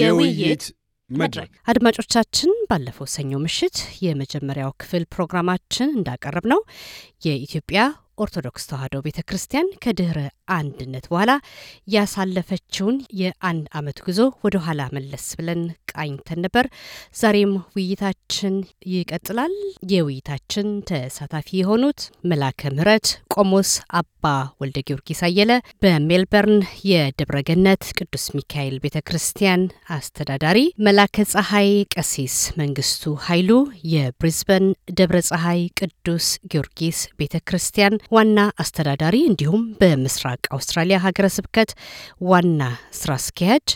የውይይት መድረክ አድማጮቻችን፣ ባለፈው ሰኞ ምሽት የመጀመሪያው ክፍል ፕሮግራማችን እንዳቀረብ ነው የኢትዮጵያ ኦርቶዶክስ ተዋሕዶ ቤተ ክርስቲያን ከድህረ አንድነት በኋላ ያሳለፈችውን የአንድ ዓመት ጉዞ ወደ ኋላ መለስ ብለን ቃኝተን ነበር። ዛሬም ውይይታችን ይቀጥላል። የውይይታችን ተሳታፊ የሆኑት መላከ ምሕረት ቆሞስ አባ ወልደ ጊዮርጊስ አየለ በሜልበርን የደብረገነት ቅዱስ ሚካኤል ቤተ ክርስቲያን አስተዳዳሪ፣ መላከ ፀሐይ ቀሲስ መንግስቱ ኃይሉ የብሪዝበን ደብረ ፀሐይ ቅዱስ ጊዮርጊስ ቤተ ክርስቲያን ዋና አስተዳዳሪ እንዲሁም በምስራቅ አውስትራሊያ ሀገረ ስብከት ዋና ስራ አስኪያጅ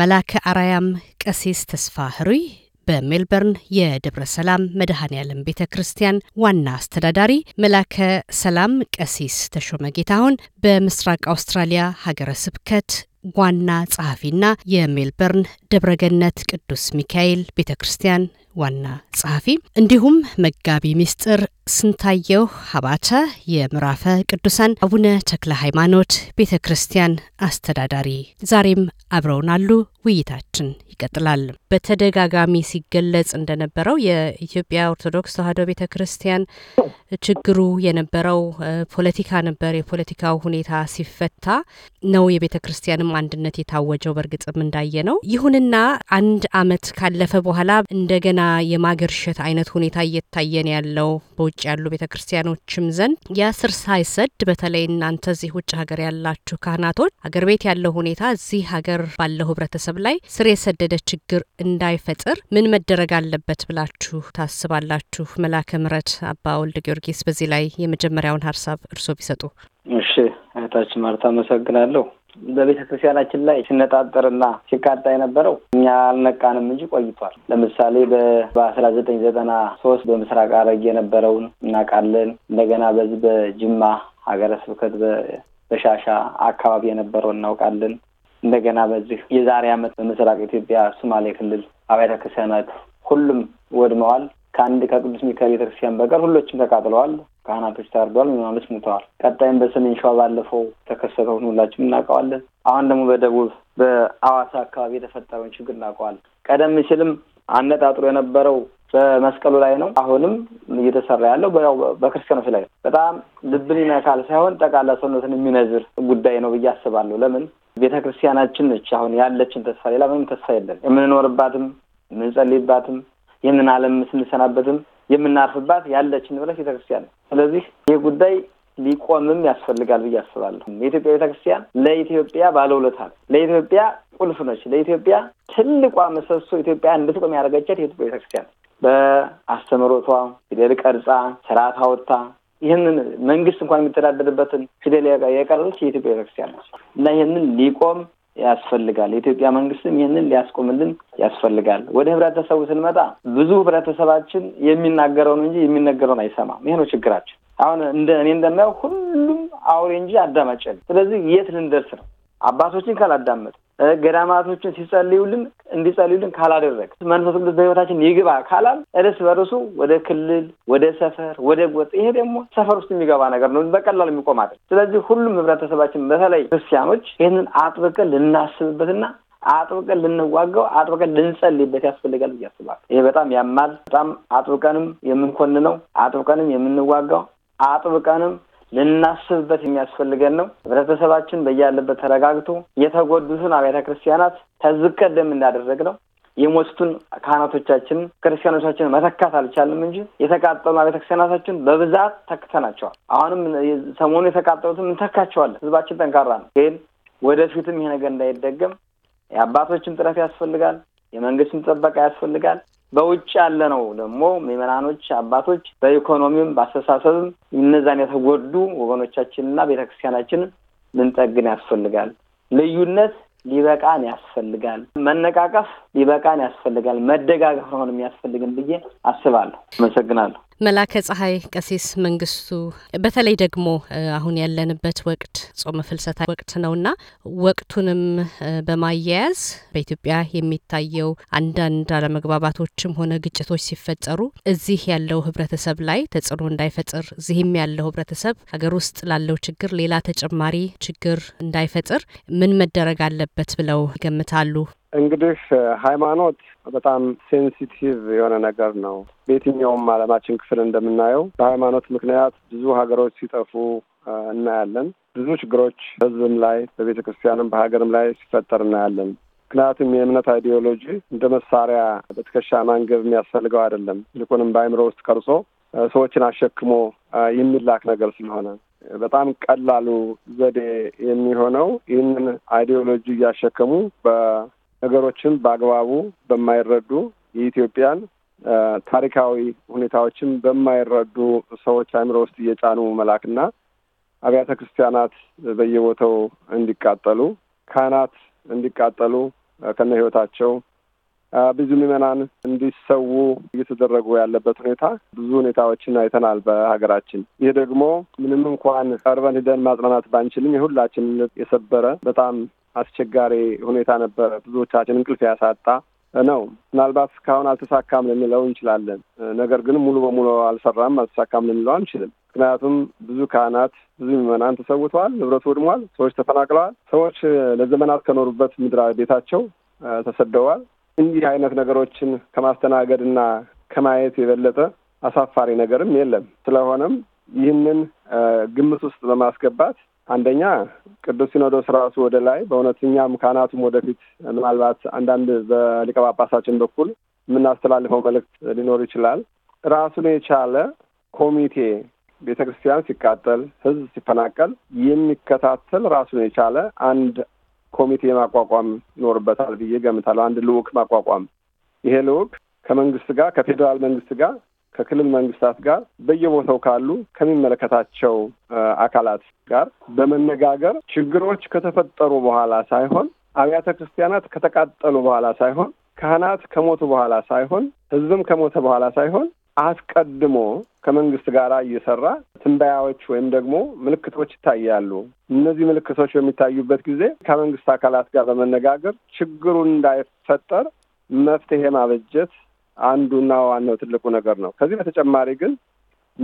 መላከ አራያም ቀሴስ ተስፋ ህሩይ በሜልበርን የደብረ ሰላም መድኃኔ ዓለም ቤተ ክርስቲያን ዋና አስተዳዳሪ መላከ ሰላም ቀሲስ ተሾመ ጌታሁን በምስራቅ አውስትራሊያ ሀገረ ስብከት ዋና ጸሐፊና የሜልበርን ደብረገነት ቅዱስ ሚካኤል ቤተ ክርስቲያን ዋና ጸሐፊ እንዲሁም መጋቢ ምስጢር ስንታየው ሀባተ የምዕራፈ ቅዱሳን አቡነ ተክለ ሃይማኖት ቤተ ክርስቲያን አስተዳዳሪ ዛሬም አብረውናሉ። ውይይታችን ይቀጥላል። በተደጋጋሚ ሲገለጽ እንደነበረው የኢትዮጵያ ኦርቶዶክስ ተዋሕዶ ቤተ ክርስቲያን ችግሩ የነበረው ፖለቲካ ነበር። የፖለቲካው ሁኔታ ሲፈታ ነው የቤተ ክርስቲያንም አንድነት የታወጀው። በእርግጥም እንዳየ ነው። ይሁንና አንድ ዓመት ካለፈ በኋላ እንደገና የማገርሸት አይነት ሁኔታ እየታየን ያለው በውጭ ያሉ ቤተ ክርስቲያኖችም ዘንድ የስር ሳይሰድ በተለይ እናንተ እዚህ ውጭ ሀገር ያላችሁ ካህናቶች ሀገር ቤት ያለው ሁኔታ እዚህ ሀገር ባለው ህብረተሰብ ላይ ስር የሰደደ ችግር እንዳይፈጥር ምን መደረግ አለበት ብላችሁ ታስባላችሁ? መላከ ምረት አባ ወልድ ጊዮርጊስ በዚህ ላይ የመጀመሪያውን ሀሳብ እርስዎ ቢሰጡ። እሺ እህታችን ማርታ አመሰግናለሁ። በቤተ ክርስቲያናችን ላይ ሲነጣጠርና ሲቃጣ የነበረው እኛ አልነቃንም እንጂ ቆይቷል። ለምሳሌ በአስራ ዘጠኝ ዘጠና ሶስት በምስራቅ አረግ የነበረውን እናውቃለን። እንደገና በዚህ በጅማ ሀገረ ስብከት በሻሻ አካባቢ የነበረው እናውቃለን። እንደገና በዚህ የዛሬ ዓመት በምስራቅ ኢትዮጵያ ሶማሌ ክልል አብያተ ክርስቲያናት ሁሉም ወድመዋል። ከአንድ ከቅዱስ ሚካኤል ቤተክርስቲያን በቀር ሁሎችም ተቃጥለዋል። ካህናቶች ታርዷል፣ ምናምኖች ሙተዋል። ቀጣይም በሰሜን ሸዋ ባለፈው ተከሰተውን ሁላችንም እናውቀዋለን። አሁን ደግሞ በደቡብ በአዋሳ አካባቢ የተፈጠረውን ችግር እናውቀዋለን። ቀደም ሲልም አነጣጥሮ የነበረው በመስቀሉ ላይ ነው። አሁንም እየተሰራ ያለው በክርስቲያኖች ላይ ነው። በጣም ልብን ይነካል ሳይሆን ጠቃላ ሰውነትን የሚነዝር ጉዳይ ነው ብዬ አስባለሁ። ለምን ቤተ ክርስቲያናችን ነች አሁን ያለችን ተስፋ፣ ሌላ ምንም ተስፋ የለን። የምንኖርባትም የምንጸልይባትም ይህንን ዓለም ስንሰናበትም የምናርፍባት ያለች ንብረት ቤተክርስቲያን ነው። ስለዚህ ይህ ጉዳይ ሊቆምም ያስፈልጋል ብዬ አስባለሁ። የኢትዮጵያ ቤተክርስቲያን ለኢትዮጵያ ባለውለታ ለኢትዮጵያ ቁልፍ ነች። ለኢትዮጵያ ትልቋ ምሰሶ ኢትዮጵያ እንድትቆም ያደረገቻት የኢትዮጵያ ቤተክርስቲያን በአስተምሮቷ ፊደል ቀርጻ ስርዓት አወጥታ ይህንን መንግስት እንኳን የሚተዳደርበትን ፊደል የቀረች የኢትዮጵያ ቤተክርስቲያን ነች እና ይህንን ሊቆም ያስፈልጋል። የኢትዮጵያ መንግስትም ይህንን ሊያስቆምልን ያስፈልጋል። ወደ ህብረተሰቡ ስንመጣ ብዙ ህብረተሰባችን የሚናገረው ነው እንጂ የሚነገረውን አይሰማም። ይሄ ነው ችግራችን። አሁን እንደ እኔ እንደማየው ሁሉም አውሬ እንጂ አዳማጭ። ስለዚህ የት ልንደርስ ነው? አባቶችን ካላዳመጥ ገዳማቶችን ሲጸልዩልን እንዲጸልዩልን ካላደረግ መንፈስ ቅዱስ በህይወታችን ይግባ ካላል እርስ በርሱ ወደ ክልል፣ ወደ ሰፈር፣ ወደ ጎጥ ይሄ ደግሞ ሰፈር ውስጥ የሚገባ ነገር ነው። በቀላሉ የሚቆም አይደል። ስለዚህ ሁሉም ህብረተሰባችን በተለይ ክርስቲያኖች ይህንን አጥብቀን ልናስብበትና አጥብቀን ልንዋጋው አጥብቀን ልንጸልይበት ያስፈልጋል ብዬ አስባለሁ። ይሄ በጣም ያማል። በጣም አጥብቀንም የምንኮንነው አጥብቀንም የምንዋጋው አጥብቀንም ልናስብበት የሚያስፈልገን ነው። ህብረተሰባችን በያለበት ተረጋግቶ የተጎዱትን አብያተ ክርስቲያናት ከዚህ ቀደም እንዳደረግ ነው የሞቱትን ካህናቶቻችንን ክርስቲያኖቻችንን መተካት አልቻልም እንጂ የተቃጠሉ አብያተ ክርስቲያናታችን በብዛት ተክተናቸዋል። አሁንም ሰሞኑ የተቃጠሉትም እንተካቸዋለን። ህዝባችን ጠንካራ ነው። ግን ወደፊትም ይሄ ነገር እንዳይደገም የአባቶችም ጥረት ያስፈልጋል። የመንግስትም ጥበቃ ያስፈልጋል። በውጭ ያለ ነው ደግሞ ምዕመናኖች፣ አባቶች በኢኮኖሚም በአስተሳሰብም እነዛን የተጎዱ ወገኖቻችንና ቤተክርስቲያናችን ልንጠግን ያስፈልጋል። ልዩነት ሊበቃን ያስፈልጋል። መነቃቀፍ ሊበቃን ያስፈልጋል። መደጋገፍ ነው የሚያስፈልግን ብዬ አስባለሁ። አመሰግናለሁ። መላከ ፀሐይ ቀሲስ መንግስቱ በተለይ ደግሞ አሁን ያለንበት ወቅት ጾመ ፍልሰታ ወቅት ነውና ወቅቱንም በማያያዝ በኢትዮጵያ የሚታየው አንዳንድ አለመግባባቶችም ሆነ ግጭቶች ሲፈጠሩ እዚህ ያለው ህብረተሰብ ላይ ተጽዕኖ እንዳይፈጥር እዚህም ያለው ህብረተሰብ ሀገር ውስጥ ላለው ችግር ሌላ ተጨማሪ ችግር እንዳይፈጥር ምን መደረግ አለበት ብለው ይገምታሉ? እንግዲህ ሃይማኖት በጣም ሴንሲቲቭ የሆነ ነገር ነው። በየትኛውም ዓለማችን ክፍል እንደምናየው በሃይማኖት ምክንያት ብዙ ሀገሮች ሲጠፉ እናያለን። ብዙ ችግሮች ህዝብም ላይ በቤተ ክርስቲያንም በሀገርም ላይ ሲፈጠር እናያለን። ምክንያቱም የእምነት አይዲዮሎጂ እንደ መሳሪያ በትከሻ ማንገብ የሚያስፈልገው አይደለም። ይልቁንም በአይምሮ ውስጥ ቀርጾ ሰዎችን አሸክሞ የሚላክ ነገር ስለሆነ በጣም ቀላሉ ዘዴ የሚሆነው ይህንን አይዲዮሎጂ እያሸከሙ በ ነገሮችን በአግባቡ በማይረዱ የኢትዮጵያን ታሪካዊ ሁኔታዎችን በማይረዱ ሰዎች አእምሮ ውስጥ እየጫኑ መላክና አብያተ ክርስቲያናት በየቦታው እንዲቃጠሉ፣ ካህናት እንዲቃጠሉ ከነ ህይወታቸው። ብዙ ምዕመናን እንዲሰዉ እየተደረጉ ያለበት ሁኔታ ብዙ ሁኔታዎችን አይተናል በሀገራችን። ይህ ደግሞ ምንም እንኳን ቀርበን ሂደን ማጽናናት ባንችልም የሁላችን የሰበረ በጣም አስቸጋሪ ሁኔታ ነበረ። ብዙዎቻችን እንቅልፍ ያሳጣ ነው። ምናልባት እስካሁን አልተሳካም ልንለው እንችላለን። ነገር ግን ሙሉ በሙሉ አልሰራም፣ አልተሳካም ልንለው አንችልም። ምክንያቱም ብዙ ካህናት፣ ብዙ ምዕመናን ተሰውተዋል፣ ንብረቱ ወድሟል፣ ሰዎች ተፈናቅለዋል፣ ሰዎች ለዘመናት ከኖሩበት ምድራዊ ቤታቸው ተሰደዋል። እንዲህ አይነት ነገሮችን ከማስተናገድና ከማየት የበለጠ አሳፋሪ ነገርም የለም። ስለሆነም ይህንን ግምት ውስጥ በማስገባት አንደኛ ቅዱስ ሲኖዶስ ራሱ ወደ ላይ በእውነትኛም ካህናቱም ወደፊት ምናልባት አንዳንድ በሊቀ ጳጳሳችን በኩል የምናስተላልፈው መልእክት ሊኖር ይችላል። ራሱን የቻለ ኮሚቴ ቤተ ክርስቲያን ሲቃጠል፣ ህዝብ ሲፈናቀል የሚከታተል ራሱን የቻለ አንድ ኮሚቴ ማቋቋም ይኖርበታል ብዬ ገምታለሁ። አንድ ልዑክ ማቋቋም ይሄ ልዑክ ከመንግስት ጋር ከፌዴራል መንግስት ጋር ከክልል መንግስታት ጋር በየቦታው ካሉ ከሚመለከታቸው አካላት ጋር በመነጋገር ችግሮች ከተፈጠሩ በኋላ ሳይሆን አብያተ ክርስቲያናት ከተቃጠሉ በኋላ ሳይሆን ካህናት ከሞቱ በኋላ ሳይሆን ህዝብም ከሞተ በኋላ ሳይሆን አስቀድሞ ከመንግስት ጋር እየሰራ ትንበያዎች ወይም ደግሞ ምልክቶች ይታያሉ። እነዚህ ምልክቶች በሚታዩበት ጊዜ ከመንግስት አካላት ጋር በመነጋገር ችግሩ እንዳይፈጠር መፍትሄ ማበጀት አንዱና ዋናው ትልቁ ነገር ነው። ከዚህ በተጨማሪ ግን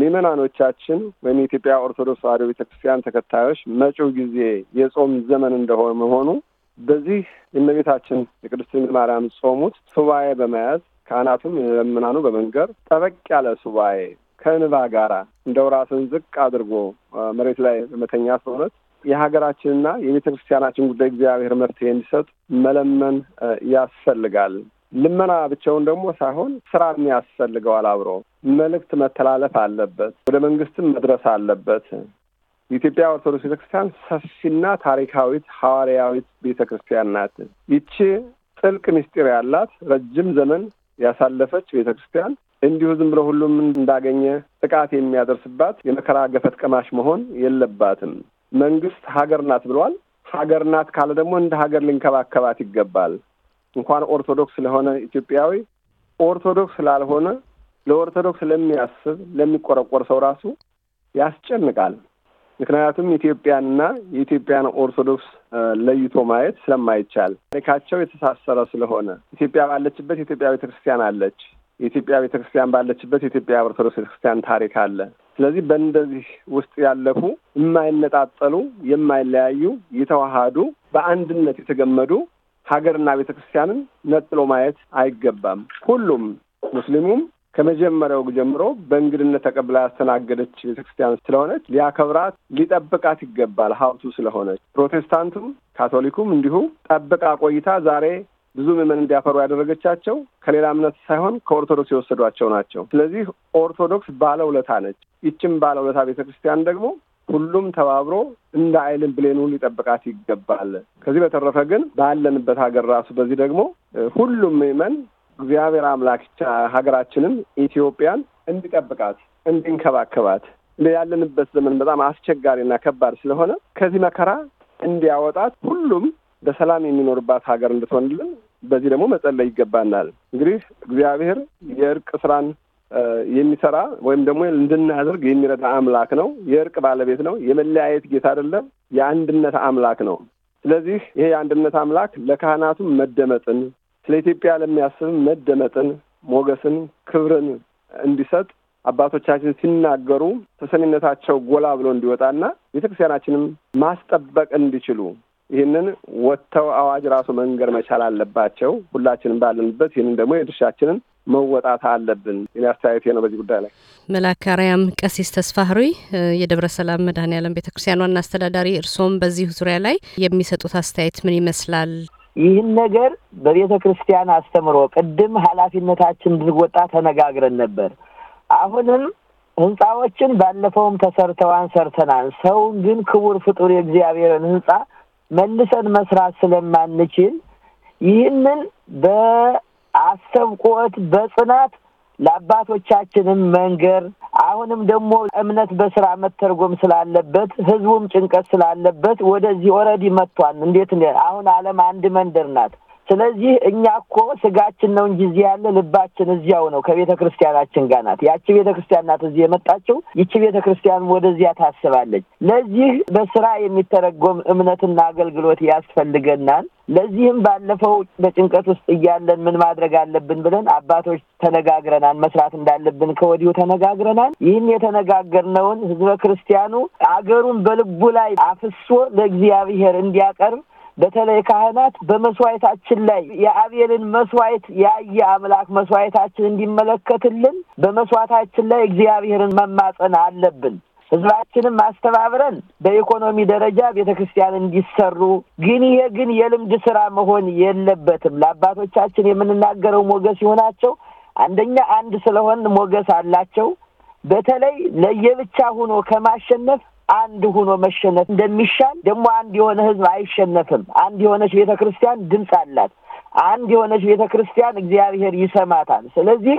ምዕመናኖቻችን ወይም የኢትዮጵያ ኦርቶዶክስ ተዋሕዶ ቤተክርስቲያን ተከታዮች መጪው ጊዜ የጾም ዘመን እንደሆነ መሆኑ በዚህ የእመቤታችን የቅድስት ድንግል ማርያም ጾሙት ሱባኤ በመያዝ ካህናቱም ለምናኑ በመንገር ጠበቅ ያለ ሱባኤ ከእንባ ጋራ እንደው ራስን ዝቅ አድርጎ መሬት ላይ መተኛ ሰውነት የሀገራችንና የቤተ ክርስቲያናችን ጉዳይ እግዚአብሔር መፍትሄ እንዲሰጥ መለመን ያስፈልጋል። ልመና ብቻውን ደግሞ ሳይሆን ስራም ያስፈልገዋል። አብሮ መልእክት መተላለፍ አለበት። ወደ መንግስትም መድረስ አለበት። የኢትዮጵያ ኦርቶዶክስ ቤተክርስቲያን ሰፊና ታሪካዊት ሐዋርያዊት ቤተክርስቲያን ናት። ይቺ ጥልቅ ምስጢር ያላት ረጅም ዘመን ያሳለፈች ቤተ ክርስቲያን እንዲሁ ዝም ብሎ ሁሉም እንዳገኘ ጥቃት የሚያደርስባት የመከራ ገፈት ቀማሽ መሆን የለባትም። መንግስት ሀገር ናት ብሏል። ሀገር ናት ካለ ደግሞ እንደ ሀገር ሊንከባከባት ይገባል። እንኳን ኦርቶዶክስ ለሆነ ኢትዮጵያዊ ኦርቶዶክስ ስላልሆነ ለኦርቶዶክስ ለሚያስብ ለሚቆረቆር ሰው ራሱ ያስጨንቃል። ምክንያቱም ኢትዮጵያንና የኢትዮጵያን ኦርቶዶክስ ለይቶ ማየት ስለማይቻል ታሪካቸው የተሳሰረ ስለሆነ ኢትዮጵያ ባለችበት የኢትዮጵያ ቤተክርስቲያን አለች። የኢትዮጵያ ቤተክርስቲያን ባለችበት የኢትዮጵያ ኦርቶዶክስ ቤተክርስቲያን ታሪክ አለ። ስለዚህ በእንደዚህ ውስጥ ያለፉ የማይነጣጠሉ፣ የማይለያዩ፣ የተዋሃዱ በአንድነት የተገመዱ ሀገርና ቤተክርስቲያንን ነጥሎ ማየት አይገባም። ሁሉም ሙስሊሙም ከመጀመሪያው ጀምሮ በእንግድነት ተቀብላ ያስተናገደች ቤተክርስቲያን ስለሆነች ሊያከብራት ሊጠብቃት ይገባል ሀብቱ ስለሆነች። ፕሮቴስታንቱም ካቶሊኩም እንዲሁ ጠብቃ ቆይታ ዛሬ ብዙ ምዕመን እንዲያፈሩ ያደረገቻቸው ከሌላ እምነት ሳይሆን ከኦርቶዶክስ የወሰዷቸው ናቸው። ስለዚህ ኦርቶዶክስ ባለውለታ ነች። ይችም ባለውለታ ቤተ ክርስቲያን ደግሞ ሁሉም ተባብሮ እንደ አይልን ብሌኑ ሊጠብቃት ይገባል። ከዚህ በተረፈ ግን ባለንበት ሀገር ራሱ በዚህ ደግሞ ሁሉም ምዕመን እግዚአብሔር አምላክ ሀገራችንን ኢትዮጵያን እንዲጠብቃት እንዲንከባከባት ያለንበት ዘመን በጣም አስቸጋሪና ከባድ ስለሆነ ከዚህ መከራ እንዲያወጣት ሁሉም በሰላም የሚኖርባት ሀገር እንድትሆንልን በዚህ ደግሞ መጸለይ ይገባናል። እንግዲህ እግዚአብሔር የእርቅ ስራን የሚሰራ ወይም ደግሞ እንድናደርግ የሚረዳ አምላክ ነው። የእርቅ ባለቤት ነው። የመለያየት ጌታ አይደለም። የአንድነት አምላክ ነው። ስለዚህ ይሄ የአንድነት አምላክ ለካህናቱም መደመጥን ስለ ኢትዮጵያ ለሚያስብ መደመጥን፣ ሞገስን፣ ክብርን እንዲሰጥ አባቶቻችን ሲናገሩ ተሰሚነታቸው ጎላ ብሎ እንዲወጣና ቤተክርስቲያናችንም ማስጠበቅ እንዲችሉ ይህንን ወጥተው አዋጅ ራሱ መንገር መቻል አለባቸው። ሁላችንም ባለንበት ይህንን ደግሞ የድርሻችንን መወጣት አለብን። የኔ አስተያየቴ ነው በዚህ ጉዳይ ላይ። መላካሪያም ቀሲስ ተስፋህሪ የደብረ ሰላም መድኃኔ ዓለም ዋና አስተዳዳሪ፣ እርስዎም በዚህ ዙሪያ ላይ የሚሰጡት አስተያየት ምን ይመስላል? ይህን ነገር በቤተ ክርስቲያን አስተምሮ ቅድም ኃላፊነታችን እንድንወጣ ተነጋግረን ነበር። አሁንም ህንፃዎችን ባለፈውም ተሰርተዋን ሰርተናል። ሰውን ግን ክቡር ፍጡር የእግዚአብሔርን ህንፃ መልሰን መስራት ስለማንችል ይህንን በአሰብቆት በጽናት ለአባቶቻችንም መንገር አሁንም ደግሞ እምነት በስራ መተርጎም ስላለበት ህዝቡም ጭንቀት ስላለበት ወደዚህ ኦልሬዲ መጥቷል። እንዴት አሁን አለም አንድ መንደር ናት። ስለዚህ እኛ እኮ ስጋችን ነው እንጂ እዚህ ያለ ልባችን እዚያው ነው፣ ከቤተ ክርስቲያናችን ጋር ናት። ያቺ ቤተ ክርስቲያን ናት እዚህ የመጣችው፣ ይቺ ቤተ ክርስቲያን ወደዚያ ታስባለች። ለዚህ በስራ የሚተረጎም እምነትና አገልግሎት ያስፈልገናል። ለዚህም ባለፈው በጭንቀት ውስጥ እያለን ምን ማድረግ አለብን ብለን አባቶች ተነጋግረናል። መስራት እንዳለብን ከወዲሁ ተነጋግረናል። ይህን የተነጋገርነውን ህዝበ ክርስቲያኑ አገሩን በልቡ ላይ አፍሶ ለእግዚአብሔር እንዲያቀርብ በተለይ ካህናት በመስዋዕታችን ላይ የአቤልን መስዋዕት ያየ አምላክ መስዋዕታችን እንዲመለከትልን በመስዋዕታችን ላይ እግዚአብሔርን መማጸን አለብን። ህዝባችንም አስተባብረን በኢኮኖሚ ደረጃ ቤተ ክርስቲያን እንዲሰሩ ግን ይሄ ግን የልምድ ስራ መሆን የለበትም። ለአባቶቻችን የምንናገረው ሞገስ ይሆናቸው። አንደኛ አንድ ስለሆን ሞገስ አላቸው። በተለይ ለየብቻ ሆኖ ከማሸነፍ አንድ ሆኖ መሸነፍ እንደሚሻል ደግሞ አንድ የሆነ ህዝብ አይሸነፍም። አንድ የሆነች ቤተ ክርስቲያን ድምፅ አላት። አንድ የሆነች ቤተ ክርስቲያን እግዚአብሔር ይሰማታል። ስለዚህ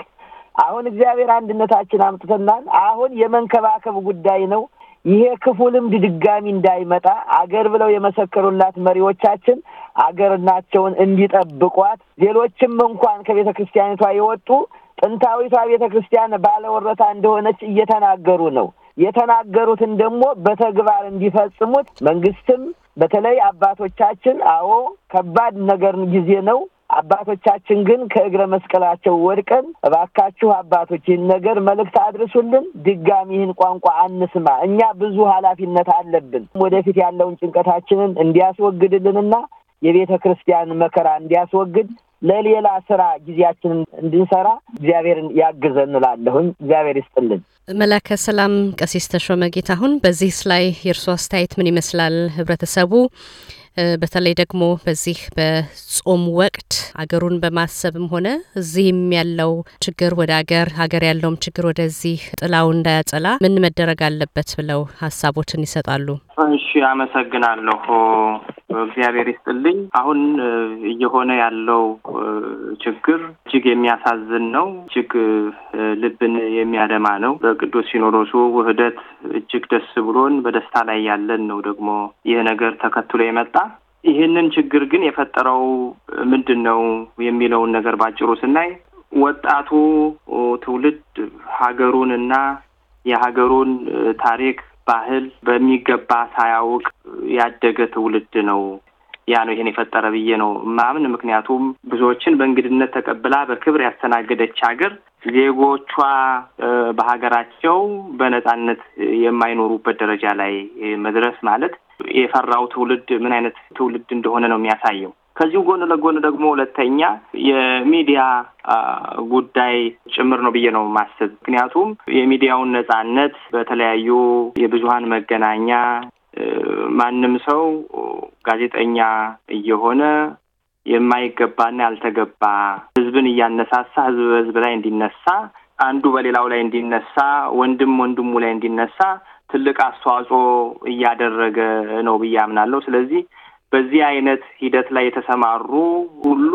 አሁን እግዚአብሔር አንድነታችን አምጥተናል። አሁን የመንከባከብ ጉዳይ ነው። ይሄ ክፉ ልምድ ድጋሚ እንዳይመጣ አገር ብለው የመሰከሩላት መሪዎቻችን አገርናቸውን እንዲጠብቋት፣ ሌሎችም እንኳን ከቤተ ክርስቲያኒቷ የወጡ ጥንታዊቷ ቤተ ክርስቲያን ባለወረታ እንደሆነች እየተናገሩ ነው። የተናገሩትን ደግሞ በተግባር እንዲፈጽሙት መንግስትም በተለይ አባቶቻችን አዎ ከባድ ነገር ጊዜ ነው። አባቶቻችን ግን ከእግረ መስቀላቸው ወድቀን እባካችሁ አባቶች ይህን ነገር መልእክት አድርሱልን፣ ድጋሚ ይህን ቋንቋ አንስማ፣ እኛ ብዙ ኃላፊነት አለብን። ወደፊት ያለውን ጭንቀታችንን እንዲያስወግድልንና የቤተ ክርስቲያን መከራ እንዲያስወግድ ለሌላ ስራ ጊዜያችንን እንድንሰራ እግዚአብሔርን ያግዘ እንላለሁኝ። እግዚአብሔር ይስጥልን። መላከ ሰላም ቀሲስ ተሾመ ጌታሁን፣ በዚህ ላይ የእርሶ አስተያየት ምን ይመስላል? ህብረተሰቡ በተለይ ደግሞ በዚህ በጾም ወቅት አገሩን በማሰብም ሆነ እዚህም ያለው ችግር ወደ አገር ሀገር ያለውም ችግር ወደዚህ ጥላው እንዳያጸላ ምን መደረግ አለበት ብለው ሀሳቦችን ይሰጣሉ? እሺ፣ አመሰግናለሁ። እግዚአብሔር ይስጥልኝ። አሁን እየሆነ ያለው ችግር እጅግ የሚያሳዝን ነው። እጅግ ልብን የሚያደማ ነው። በቅዱስ ሲኖዶሱ ውህደት እጅግ ደስ ብሎን በደስታ ላይ ያለን ነው። ደግሞ ይህ ነገር ተከትሎ የመጣ ይህንን ችግር ግን የፈጠረው ምንድን ነው የሚለውን ነገር ባጭሩ ስናይ ወጣቱ ትውልድ ሀገሩን እና የሀገሩን ታሪክ ባህል በሚገባ ሳያውቅ ያደገ ትውልድ ነው። ያ ነው ይሄን የፈጠረ ብዬ ነው ማምን። ምክንያቱም ብዙዎችን በእንግድነት ተቀብላ በክብር ያስተናገደች ሀገር ዜጎቿ በሀገራቸው በነጻነት የማይኖሩበት ደረጃ ላይ መድረስ ማለት የፈራው ትውልድ ምን አይነት ትውልድ እንደሆነ ነው የሚያሳየው። ከዚሁ ጎን ለጎን ደግሞ ሁለተኛ የሚዲያ ጉዳይ ጭምር ነው ብዬ ነው ማስብ ምክንያቱም የሚዲያውን ነጻነት በተለያዩ የብዙሀን መገናኛ ማንም ሰው ጋዜጠኛ እየሆነ የማይገባና ያልተገባ ህዝብን እያነሳሳ ህዝብ በህዝብ ላይ እንዲነሳ፣ አንዱ በሌላው ላይ እንዲነሳ፣ ወንድም ወንድሙ ላይ እንዲነሳ ትልቅ አስተዋጽኦ እያደረገ ነው ብዬ አምናለሁ። ስለዚህ በዚህ አይነት ሂደት ላይ የተሰማሩ ሁሉ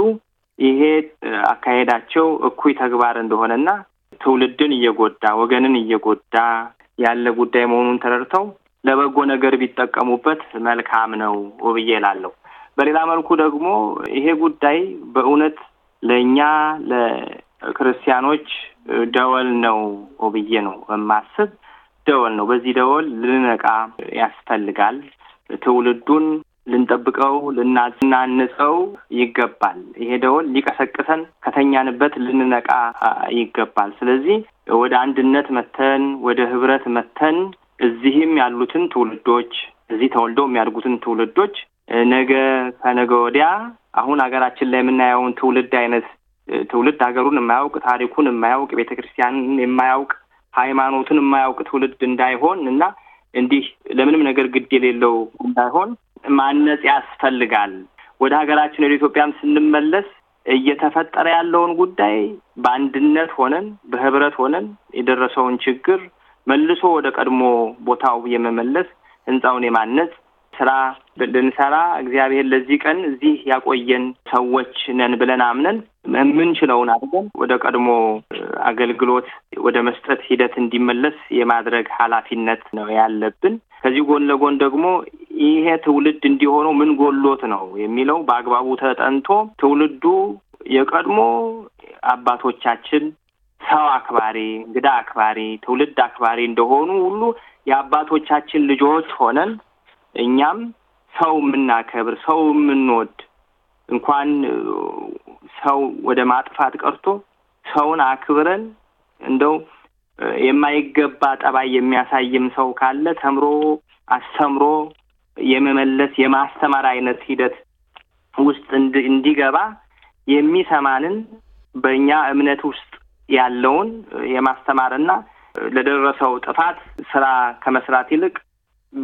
ይሄ አካሄዳቸው እኩይ ተግባር እንደሆነና ትውልድን እየጎዳ ወገንን እየጎዳ ያለ ጉዳይ መሆኑን ተረድተው ለበጎ ነገር ቢጠቀሙበት መልካም ነው ብዬ እላለሁ። በሌላ መልኩ ደግሞ ይሄ ጉዳይ በእውነት ለእኛ ለክርስቲያኖች ደወል ነው ብዬ ነው የማስብ። ደወል ነው። በዚህ ደወል ልንነቃ ያስፈልጋል። ትውልዱን ልንጠብቀው ልናናንጸው ይገባል። ይሄ ደወል ሊቀሰቅሰን ከተኛንበት ልንነቃ ይገባል። ስለዚህ ወደ አንድነት መተን ወደ ህብረት መተን እዚህም ያሉትን ትውልዶች እዚህ ተወልደው የሚያድጉትን ትውልዶች ነገ ከነገ ወዲያ አሁን ሀገራችን ላይ የምናየውን ትውልድ አይነት ትውልድ ሀገሩን የማያውቅ ታሪኩን የማያውቅ ቤተ ክርስቲያንን የማያውቅ ሃይማኖትን የማያውቅ ትውልድ እንዳይሆን እና እንዲህ ለምንም ነገር ግድ የሌለው እንዳይሆን ማነጽ ያስፈልጋል። ወደ ሀገራችን ወደ ኢትዮጵያም ስንመለስ እየተፈጠረ ያለውን ጉዳይ በአንድነት ሆነን በህብረት ሆነን የደረሰውን ችግር መልሶ ወደ ቀድሞ ቦታው የመመለስ ህንፃውን የማነጽ ስራ ልንሰራ እግዚአብሔር ለዚህ ቀን እዚህ ያቆየን ሰዎች ነን ብለን አምነን የምንችለውን አድርገን ወደ ቀድሞ አገልግሎት ወደ መስጠት ሂደት እንዲመለስ የማድረግ ኃላፊነት ነው ያለብን። ከዚህ ጎን ለጎን ደግሞ ይሄ ትውልድ እንዲሆነው ምን ጎሎት ነው የሚለው በአግባቡ ተጠንቶ ትውልዱ የቀድሞ አባቶቻችን ሰው አክባሪ፣ እንግዳ አክባሪ፣ ትውልድ አክባሪ እንደሆኑ ሁሉ የአባቶቻችን ልጆች ሆነን እኛም ሰው የምናከብር ሰው የምንወድ እንኳን ሰው ወደ ማጥፋት ቀርቶ ሰውን አክብረን እንደው የማይገባ ጠባይ የሚያሳይም ሰው ካለ ተምሮ አስተምሮ የመመለስ የማስተማር አይነት ሂደት ውስጥ እንዲገባ የሚሰማንን በእኛ እምነት ውስጥ ያለውን የማስተማርና ለደረሰው ጥፋት ስራ ከመስራት ይልቅ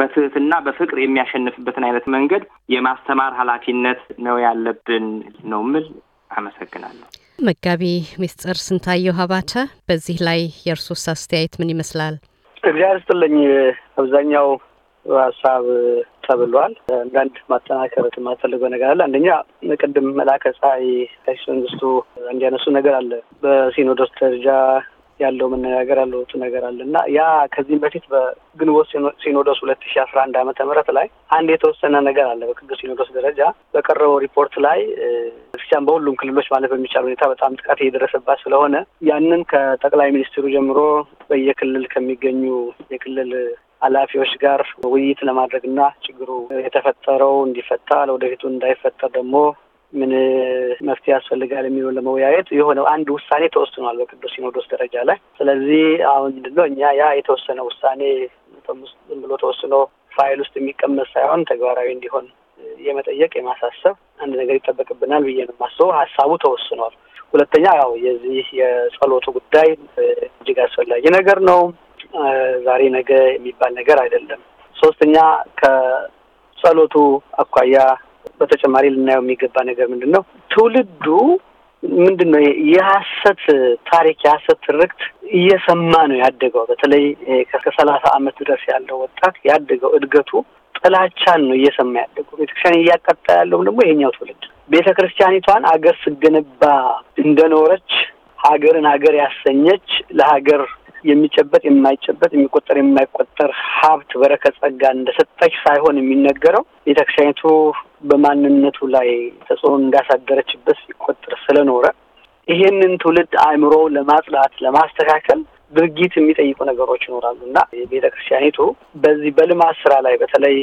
በትህትና በፍቅር የሚያሸንፍበትን አይነት መንገድ የማስተማር ኃላፊነት ነው ያለብን ነው ምል አመሰግናለሁ። መጋቢ ሚስጥር ስንታየው ሀባተ በዚህ ላይ የእርሶስ አስተያየት ምን ይመስላል? እግዚአብሔር ይስጥልኝ። አብዛኛው ሀሳብ ተብሏል። አንዳንድ ማጠናከር የማፈልገው ነገር አለ። አንደኛ ቅድም መላከ ፀሐይ መንግስቱ እንዲያነሱ ነገር አለ በሲኖዶስ ደረጃ ያለው መነጋገር ያለው ነገር አለ እና ያ ከዚህም በፊት በግንቦት ሲኖዶስ ሁለት ሺ አስራ አንድ አመተ ምህረት ላይ አንድ የተወሰነ ነገር አለ። በቅዱስ ሲኖዶስ ደረጃ በቀረበው ሪፖርት ላይ ክርስቲያን በሁሉም ክልሎች ማለት በሚቻል ሁኔታ በጣም ጥቃት እየደረሰባት ስለሆነ ያንን ከጠቅላይ ሚኒስትሩ ጀምሮ በየክልል ከሚገኙ የክልል ኃላፊዎች ጋር ውይይት ለማድረግ እና ችግሩ የተፈጠረው እንዲፈታ ለወደፊቱ እንዳይፈጠር ደግሞ ምን መፍትሄ ያስፈልጋል የሚሆን ለመወያየት የሆነው አንድ ውሳኔ ተወስኗል በቅዱስ ሲኖዶስ ደረጃ ላይ። ስለዚህ አሁን ምንድነው እኛ ያ የተወሰነ ውሳኔ ዝም ብሎ ተወስኖ ፋይል ውስጥ የሚቀመጥ ሳይሆን ተግባራዊ እንዲሆን የመጠየቅ የማሳሰብ አንድ ነገር ይጠበቅብናል ብዬ ነው የማስበው። ሀሳቡ ተወስኗል። ሁለተኛ ያው የዚህ የጸሎቱ ጉዳይ እጅግ አስፈላጊ ነገር ነው። ዛሬ ነገ የሚባል ነገር አይደለም። ሶስተኛ ከጸሎቱ አኳያ በተጨማሪ ልናየው የሚገባ ነገር ምንድን ነው? ትውልዱ ምንድን ነው የሀሰት ታሪክ የሀሰት ትርክት እየሰማ ነው ያደገው። በተለይ ከሰላሳ አመት ድረስ ያለው ወጣት ያደገው እድገቱ ጥላቻን ነው እየሰማ ያደገው። ቤተክርስቲያን እያቀጣ ያለውም ደግሞ ይሄኛው ትውልድ ቤተ ክርስቲያኒቷን አገር ስገነባ እንደኖረች ሀገርን ሀገር ያሰኘች ለሀገር የሚጨበጥ የማይጨበጥ የሚቆጠር የማይቆጠር ሀብት በረከት ጸጋ እንደሰጠች ሳይሆን የሚነገረው ቤተክርስቲያኒቱ በማንነቱ ላይ ተጽዕኖ እንዳሳደረችበት ሲቆጠር ስለኖረ ይሄንን ትውልድ አእምሮ ለማጽላት ለማስተካከል ድርጊት የሚጠይቁ ነገሮች ይኖራሉ እና ቤተክርስቲያኒቱ በዚህ በልማት ስራ ላይ በተለይ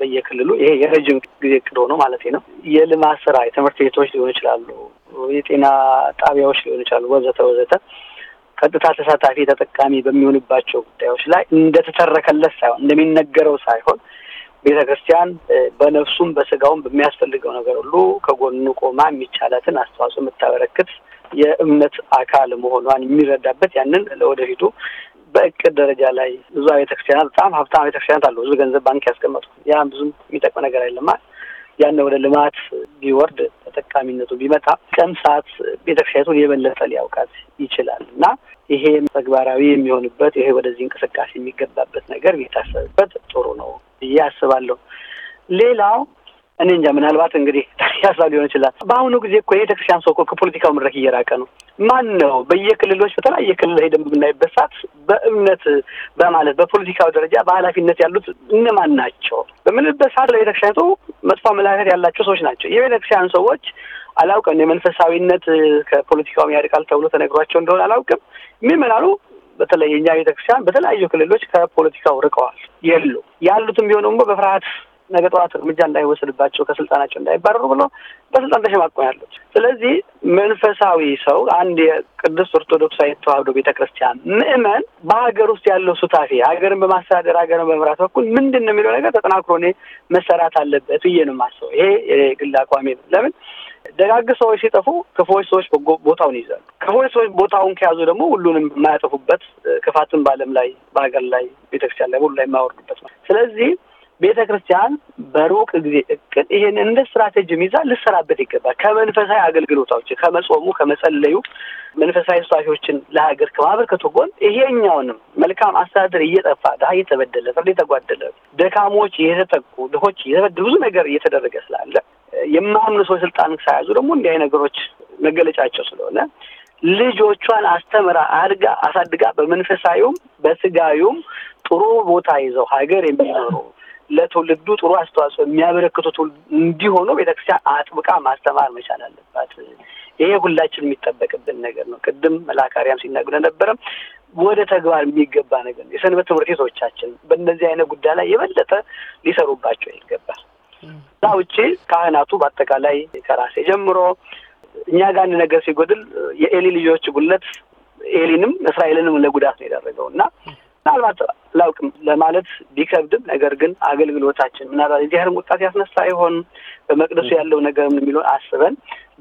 በየክልሉ ይሄ የረጅም ጊዜ እቅድ ሆኖ ማለት ነው። የልማት ስራ የትምህርት ቤቶች ሊሆን ይችላሉ፣ የጤና ጣቢያዎች ሊሆን ይችላሉ፣ ወዘተ ወዘተ ቀጥታ ተሳታፊ ተጠቃሚ በሚሆንባቸው ጉዳዮች ላይ እንደተተረከለት ሳይሆን እንደሚነገረው ሳይሆን ቤተ ክርስቲያን በነፍሱም በስጋውም በሚያስፈልገው ነገር ሁሉ ከጎኑ ቆማ የሚቻላትን አስተዋጽኦ የምታበረክት የእምነት አካል መሆኗን የሚረዳበት ያንን ለወደፊቱ በእቅድ ደረጃ ላይ ብዙ ቤተ ክርስቲያናት በጣም ሀብታም ቤተ ክርስቲያናት አሉ። ብዙ ገንዘብ ባንክ ያስቀመጡ ያ ብዙም የሚጠቅም ነገር አይለማል። ያን ወደ ልማት ቢወርድ ተጠቃሚነቱ ቢመጣ ቀን ሰዓት ቤተክርስቲያኑን የበለጠ ሊያውቃት ይችላል እና ይሄ ተግባራዊ የሚሆንበት ይሄ ወደዚህ እንቅስቃሴ የሚገባበት ነገር ሊታሰብበት ጥሩ ነው ብዬ አስባለሁ። ሌላው እኔ እንጃ ምናልባት እንግዲህ ታያሳ ሊሆን ይችላል። በአሁኑ ጊዜ እኮ የቤተ ክርስቲያን ሰው እኮ ከፖለቲካው መድረክ እየራቀ ነው። ማን ነው በየክልሎች በተለያየ ክልል ሄደን በምናይበት ሰዓት በእምነት በማለት በፖለቲካው ደረጃ በኃላፊነት ያሉት እነማን ናቸው በምንበት ሰዓት ለቤተ ክርስቲያኒቱ መጥፎ አመለካከት ያላቸው ሰዎች ናቸው። የቤተ ክርስቲያን ሰዎች አላውቅም፣ የመንፈሳዊነት ከፖለቲካው ያድቃል ተብሎ ተነግሯቸው እንደሆነ አላውቅም። የሚመላሉ በተለይ የእኛ ቤተክርስቲያን በተለያዩ ክልሎች ከፖለቲካው ርቀዋል የሉ ያሉትም ቢሆን ደግሞ በፍርሃት ነገ ጠዋት እርምጃ እንዳይወስድባቸው ከስልጣናቸው እንዳይባረሩ ብሎ በስልጣን ተሸማቆ ያሉት። ስለዚህ መንፈሳዊ ሰው አንድ የቅዱስ ኦርቶዶክሳዊ ተዋሕዶ ቤተክርስቲያን ምእመን በሀገር ውስጥ ያለው ሱታፌ ሀገርን በማስተዳደር ሀገርን በመምራት በኩል ምንድን ነው የሚለው ነገር ተጠናክሮ እኔ መሰራት አለበት ብዬ ነው የማስበው። ይሄ የግል አቋሚ ነው። ለምን ደጋግ ሰዎች ሲጠፉ ክፎች ሰዎች ቦታውን ይይዛሉ። ክፎች ሰዎች ቦታውን ከያዙ ደግሞ ሁሉንም የማያጠፉበት ክፋትን በዓለም ላይ በሀገር ላይ ቤተክርስቲያን ላይ ሁሉ ላይ የማያወርዱበት ነው። ስለዚህ ቤተ ክርስቲያን በሩቅ ጊዜ እቅድ ይሄን እንደ ስትራቴጂ ይዛ ልሰራበት ይገባል። ከመንፈሳዊ አገልግሎታዎች ከመጾሙ ከመጸለዩ መንፈሳዊ ስታሾችን ለሀገር ከማበርከቱ ጎን ይሄኛውንም መልካም አስተዳደር እየጠፋ ድሀ እየተበደለ፣ ፍርድ እየተጓደለ ደካሞች እየተጠቁ፣ ድሆች እየተበደሉ ብዙ ነገር እየተደረገ ስላለ የማያምኑ ሰዎች ስልጣን ሳያዙ ደግሞ እንዲህ ነገሮች መገለጫቸው ስለሆነ ልጆቿን አስተምራ አድጋ አሳድጋ በመንፈሳዊውም በስጋዊውም ጥሩ ቦታ ይዘው ሀገር የሚኖሩ ለትውልዱ ጥሩ አስተዋጽኦ የሚያበረክቱ እንዲሆኑ ቤተክርስቲያን አጥብቃ ማስተማር መቻል አለባት። ይሄ ሁላችን የሚጠበቅብን ነገር ነው። ቅድም መላካሪያም ሲናገሩ ነበረም ወደ ተግባር የሚገባ ነገር ነው። የሰንበት ትምህርት ቤቶቻችን በእነዚህ አይነት ጉዳይ ላይ የበለጠ ሊሰሩባቸው ይገባል። እዛ ውጭ ካህናቱ በአጠቃላይ ከራሴ ጀምሮ እኛ ጋር አንድ ነገር ሲጎድል የኤሊ ልጆች ጉለት ኤሊንም እስራኤልንም ለጉዳት ነው የደረገው እና ምናልባት ላውቅም ለማለት ቢከብድም ነገር ግን አገልግሎታችን ምናልባት የእግዚአብሔርን ወጣት ያስነሳ ይሆን በመቅደሱ ያለው ነገር የሚለውን አስበን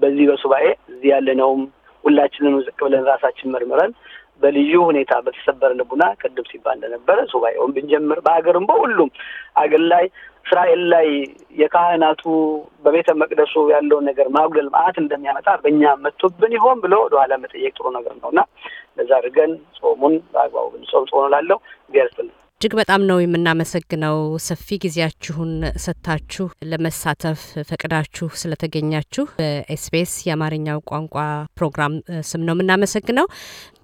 በዚህ በሱባኤ እዚህ ያለነውም ሁላችንም ዝቅ ብለን ራሳችን መርምረን በልዩ ሁኔታ በተሰበረ ልቡና ቅድም ሲባል እንደነበረ ሱባኤውን ብንጀምር በሀገርም በሁሉም አገር ላይ እስራኤል ላይ የካህናቱ በቤተ መቅደሱ ያለውን ነገር ማጉደል መዓት እንደሚያመጣ በእኛ መቶብን ይሆን ብሎ ወደኋላ መጠየቅ ጥሩ ነገር ነው እና ለዛ አድርገን ጾሙን በአግባቡ ብንጾም ጾም ላለው እግዚአብሔር እጅግ በጣም ነው የምናመሰግነው። ሰፊ ጊዜያችሁን ሰጥታችሁ ለመሳተፍ ፈቅዳችሁ ስለተገኛችሁ በኤስቢኤስ የአማርኛው ቋንቋ ፕሮግራም ስም ነው የምናመሰግነው።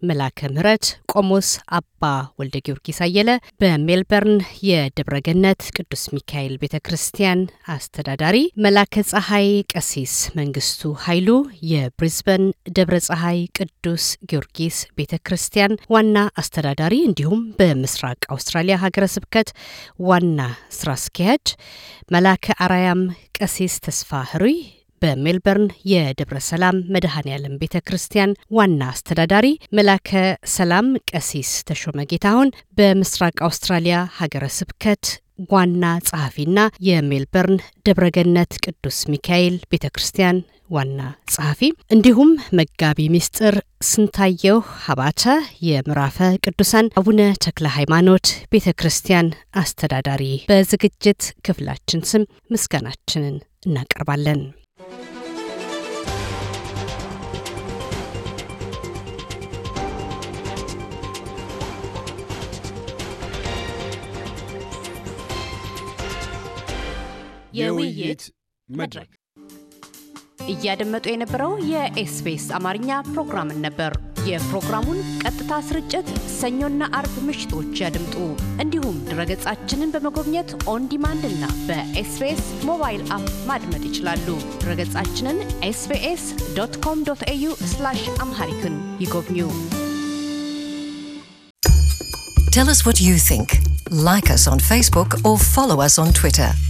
መላከ ምረት ቆሞስ አባ ወልደ ጊዮርጊስ አየለ በሜልበርን የደብረገነት ቅዱስ ሚካኤል ቤተ ክርስቲያን አስተዳዳሪ፣ መላከ ፀሐይ ቀሲስ መንግስቱ ኃይሉ የብሪዝበን ደብረ ፀሐይ ቅዱስ ጊዮርጊስ ቤተ ክርስቲያን ዋና አስተዳዳሪ እንዲሁም በምስራቅ አውስትራሊያ ሀገረ ስብከት ዋና ስራ አስኪያጅ፣ መላከ አራያም ቀሲስ ተስፋ ህሩይ በሜልበርን የደብረ ሰላም መድኃኔ ዓለም ቤተ ክርስቲያን ዋና አስተዳዳሪ መላከ ሰላም ቀሲስ ተሾመ ጌታሁን በምስራቅ አውስትራሊያ ሀገረ ስብከት ዋና ጸሐፊና የሜልበርን ደብረገነት ቅዱስ ሚካኤል ቤተ ክርስቲያን ዋና ጸሐፊ እንዲሁም መጋቢ ምስጢር ስንታየው ሀባተ የምዕራፈ ቅዱሳን አቡነ ተክለ ሃይማኖት ቤተ ክርስቲያን አስተዳዳሪ በዝግጅት ክፍላችን ስም ምስጋናችንን እናቀርባለን። የውይይት መድረክ እያደመጡ የነበረው የኤስቢኤስ አማርኛ ፕሮግራምን ነበር። የፕሮግራሙን ቀጥታ ስርጭት ሰኞና አርብ ምሽቶች ያድምጡ። እንዲሁም ድረገጻችንን በመጎብኘት ኦን ዲማንድ እና በኤስቢኤስ ሞባይል አፕ ማድመጥ ይችላሉ። ድረገጻችንን ኤስቢኤስ ዶት ኮም ዶት ኤዩ አምሃሪክን ይጎብኙ። Tell us what you think. Like us on Facebook or follow